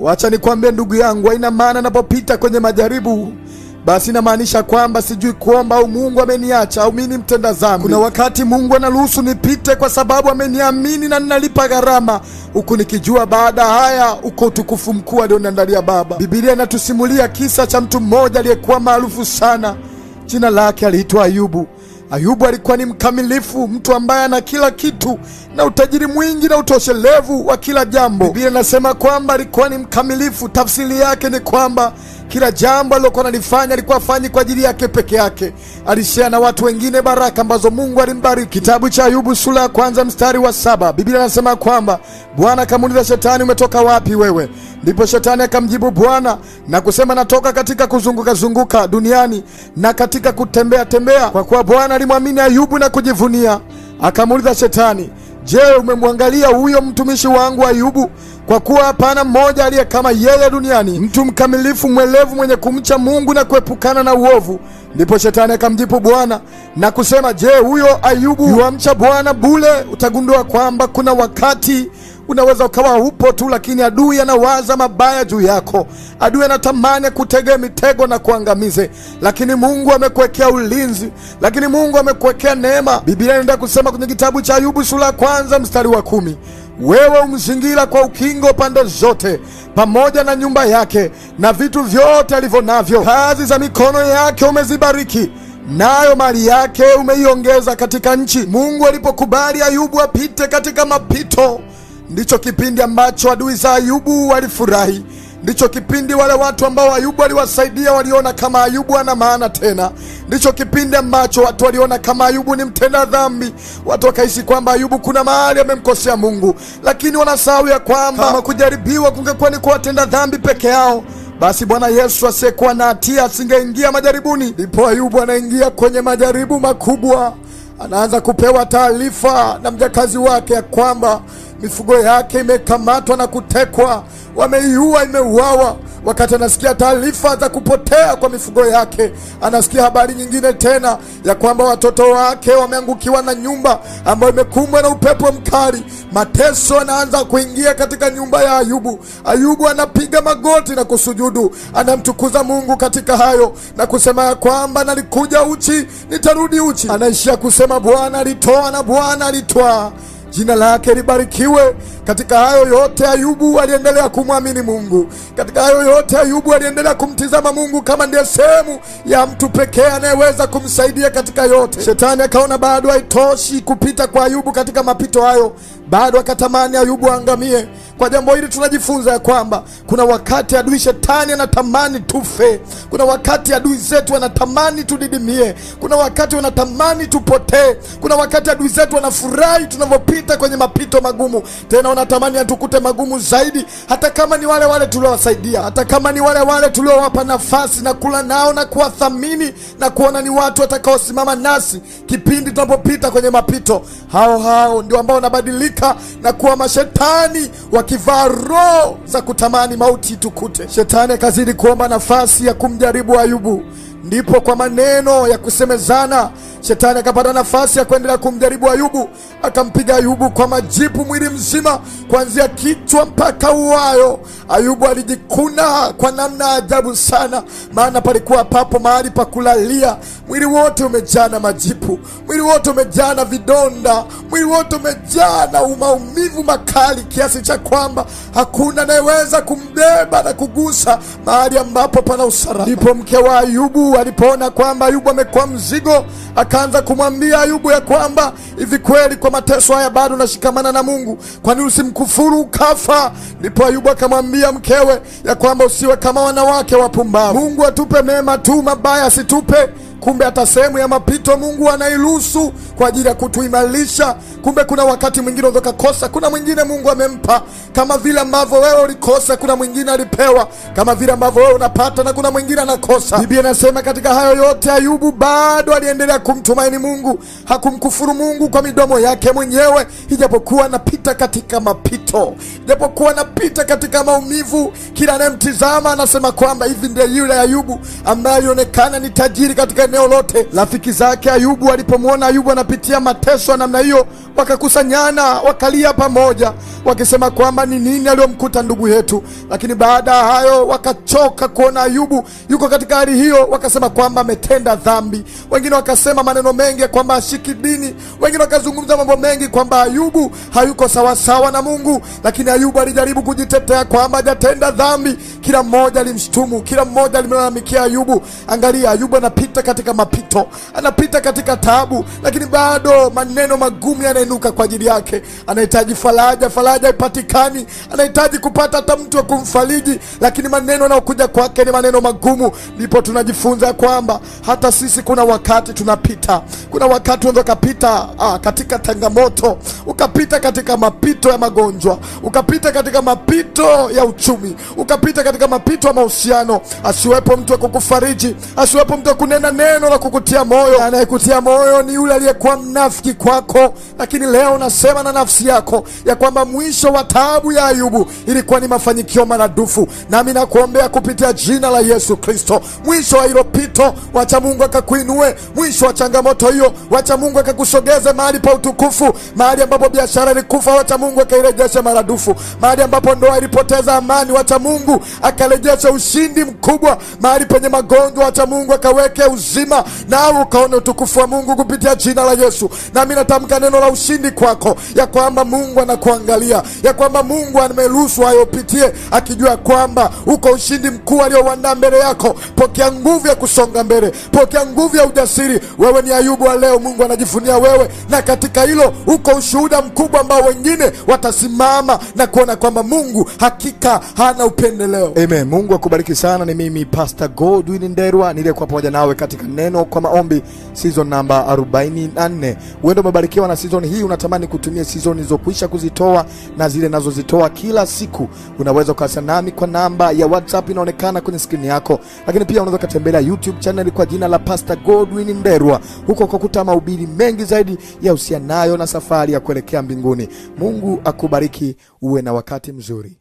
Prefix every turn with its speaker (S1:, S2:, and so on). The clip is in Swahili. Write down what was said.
S1: Wacha nikwambie ndugu yangu, haina maana napopita kwenye majaribu basi inamaanisha kwamba sijui kuomba au Mungu ameniacha au mimi ni mtenda dhambi. Kuna wakati Mungu anaruhusu nipite kwa sababu ameniamini na ninalipa gharama, huku nikijua baada haya uko utukufu mkuu alioniandalia Baba. Biblia inatusimulia kisa cha mtu mmoja aliyekuwa maarufu sana, jina lake aliitwa Ayubu. Ayubu alikuwa ni mkamilifu, mtu ambaye ana kila kitu na utajiri mwingi na utoshelevu wa kila jambo. Biblia inasema kwamba alikuwa ni mkamilifu. Tafsiri yake ni kwamba kila jambo alilokuwa analifanya alikuwa afanyi kwa ajili yake peke yake, alishea na watu wengine baraka ambazo Mungu alimbariki. Kitabu cha Ayubu sura ya kwanza mstari wa saba Biblia anasema kwamba Bwana akamuuliza Shetani, umetoka wapi wewe? Ndipo Shetani akamjibu Bwana na kusema, natoka katika kuzunguka zunguka duniani na katika kutembea tembea, kwa kuwa Bwana alimwamini Ayubu na kujivunia. Akamuuliza Shetani, Je, umemwangalia huyo mtumishi wangu Ayubu? Kwa kuwa hapana mmoja aliye kama yeye duniani, mtu mkamilifu, mwelevu, mwenye kumcha Mungu na kuepukana na uovu. Ndipo shetani akamjibu Bwana na kusema, je, huyo Ayubu yuamcha Bwana bule? Utagundua kwamba kuna wakati Unaweza ukawa upo tu, lakini adui anawaza mabaya juu yako. Adui anatamani kutegea mitego na kuangamize, lakini Mungu amekuwekea ulinzi, lakini Mungu amekuwekea neema. Biblia inaenda kusema kwenye kitabu cha Ayubu sura ya kwanza mstari wa kumi wewe umzingira kwa ukingo pande zote, pamoja na nyumba yake na vitu vyote alivyo navyo. Kazi za mikono yake umezibariki, nayo mali yake umeiongeza katika nchi. Mungu alipokubali Ayubu apite katika mapito Ndicho kipindi ambacho adui za Ayubu walifurahi. Ndicho kipindi wale watu ambao Ayubu aliwasaidia waliona kama Ayubu ana maana tena. Ndicho kipindi ambacho watu waliona kama Ayubu ni mtenda dhambi. Watu wakahisi kwamba Ayubu kuna mahali amemkosea Mungu, lakini wanasahau ya kwamba kama kujaribiwa kungekuwa ni kwa watenda dhambi peke yao basi Bwana Yesu asiyekuwa na hatia asingeingia majaribuni. Ndipo Ayubu anaingia kwenye majaribu makubwa, anaanza kupewa taarifa na mjakazi wake ya kwamba mifugo yake imekamatwa na kutekwa, wameiua, imeuawa. Wakati anasikia taarifa za kupotea kwa mifugo yake, anasikia habari nyingine tena ya kwamba watoto wake wameangukiwa na nyumba ambayo imekumbwa na upepo mkali. Mateso anaanza kuingia katika nyumba ya Ayubu. Ayubu anapiga magoti na kusujudu, anamtukuza Mungu katika hayo na kusema ya kwamba nalikuja uchi, nitarudi uchi. Anaishia kusema Bwana alitoa na Bwana alitwaa. Jina lake libarikiwe. Katika hayo yote, Ayubu aliendelea kumwamini Mungu. Katika hayo yote, Ayubu aliendelea kumtizama Mungu kama ndiye sehemu ya mtu pekee anayeweza kumsaidia katika yote. Shetani akaona bado haitoshi kupita kwa Ayubu katika mapito hayo, bado akatamani Ayubu aangamie. Kwa jambo hili tunajifunza ya kwamba kuna wakati adui shetani anatamani tufe, kuna wakati adui zetu anatamani tudidimie, kuna wakati wanatamani tupotee, kuna wakati adui zetu wanafurahi tunavyopita kwenye mapito magumu, tena wanatamani atukute magumu zaidi, hata kama ni wale wale tuliowasaidia, hata kama ni wale wale tuliowapa nafasi na kula nao na kuwathamini na kuona ni watu watakaosimama nasi kipindi tunapopita kwenye mapito. Hao hao ndio ambao wanabadilika kuharibika na kuwa mashetani wakivaa roho za kutamani mauti tukute. Shetani akazidi kuomba nafasi ya kumjaribu Ayubu, ndipo kwa maneno ya kusemezana Shetani akapata nafasi ya kuendelea kumjaribu Ayubu, akampiga Ayubu kwa majipu mwili mzima, kuanzia kichwa mpaka uwayo. Ayubu alijikuna kwa namna ajabu sana, maana palikuwa papo mahali pa kulalia. Mwili wote umejaa na majipu, mwili wote umejaa na vidonda, mwili wote umejaa na maumivu makali, kiasi cha kwamba hakuna anayeweza kumbeba na kugusa mahali ambapo pana usalama. Ndipo mke wa Ayubu alipoona kwamba Ayubu amekuwa mzigo akaanza kumwambia Ayubu ya kwamba hivi kweli kwa mateso haya bado nashikamana na Mungu, kwani usimkufuru ukafa. Ndipo Ayubu akamwambia mkewe ya kwamba usiwe kama wanawake wapumbavu. Mungu atupe mema tu, mabaya asitupe. Kumbe hata sehemu ya mapito Mungu anairuhusu kwa ajili ya kutuimarisha. Kumbe kuna wakati mwingine unaweza kukosa, kuna mwingine Mungu amempa. Kama vile ambavyo wewe ulikosa, kuna mwingine alipewa, kama vile ambavyo wewe unapata na kuna mwingine anakosa. Biblia inasema katika hayo yote Ayubu bado aliendelea kumtumaini Mungu, hakumkufuru Mungu kwa midomo yake mwenyewe, ijapokuwa anapita katika mapito, ijapokuwa anapita katika maumivu. Kila anayemtizama anasema kwamba hivi ndiye yule Ayubu ambaye alionekana ni tajiri katika eneo lote. Rafiki zake Ayubu walipomwona Ayubu anapitia mateso namna hiyo, wakakusanyana wakalia pamoja, wakisema kwamba ni nini aliyomkuta ndugu yetu. Lakini baada ya hayo wakachoka kuona Ayubu yuko katika hali hiyo, wakasema kwamba ametenda dhambi. Wengine wakasema maneno mengi kwamba ashiki dini, wengine wakazungumza mambo mengi kwamba Ayubu hayuko sawasawa na Mungu. Lakini Ayubu alijaribu kujitetea kwamba hajatenda dhambi. Kila mmoja alimshtumu, kila mmoja alimlalamikia Ayubu. Angalia, Ayubu anapita katika katika mapito, anapita katika taabu, lakini bado maneno magumu yanainuka kwa ajili yake. Anahitaji faraja, faraja ipatikani, anahitaji kupata hata mtu wa kumfariji, lakini maneno yanayokuja kwake ni maneno magumu. Ndipo tunajifunza kwamba hata sisi kuna wakati tunapita, kuna wakati unaweza ukapita ah, katika changamoto, ukapita katika mapito ya magonjwa, ukapita katika mapito ya uchumi, ukapita katika mapito ya mahusiano, asiwepo mtu wa kukufariji, asiwepo mtu wa kunena neno neno la kukutia moyo. Anayekutia moyo ni yule aliyekuwa mnafiki kwako, lakini leo unasema na nafsi yako ya kwamba mwisho wa taabu ya Ayubu ilikuwa ni mafanikio maradufu. Nami nakuombea kupitia jina la Yesu Kristo, mwisho wa hilo pito, wacha Mungu akakuinue. Mwisho wa changamoto hiyo, wacha Mungu akakusogeze mahali pa utukufu, mahali ambapo biashara ilikufa, wacha Mungu akairejeshe maradufu. Mahali ambapo ndoa ilipoteza amani, wacha Mungu akarejeshe ushindi mkubwa. Mahali penye magonjwa, wacha Mungu akaweke uzi uzima, nawe ukaona utukufu wa Mungu kupitia jina la Yesu. Nami natamka neno la ushindi kwako, ya kwamba Mungu anakuangalia, ya kwamba Mungu ameruhusu ayopitie, akijua kwamba uko ushindi mkuu aliyouandaa mbele yako. Pokea nguvu ya kusonga mbele, pokea nguvu ya ujasiri. Wewe ni Ayubu wa leo, Mungu anajivunia wewe, na katika hilo uko ushuhuda mkubwa ambao wengine watasimama na kuona kwamba Mungu hakika hana upendeleo. Amen. Mungu akubariki sana. Ni mimi Pastor Godwin nderwa niliyekuwa pamoja nawe katika katika neno kwa maombi season namba 44. Uende umebarikiwa na season hii, unatamani kutumia season zilizokwisha kuzitoa na zile nazozitoa kila siku, unaweza ukawasiliana nami kwa namba ya WhatsApp inaonekana kwenye skrini yako, lakini pia unaweza ukatembelea YouTube channel kwa jina la Pastor Godwin Nderwa, huko kakuta mahubiri mengi zaidi yahusianayo na safari ya kuelekea mbinguni. Mungu akubariki, uwe na wakati mzuri.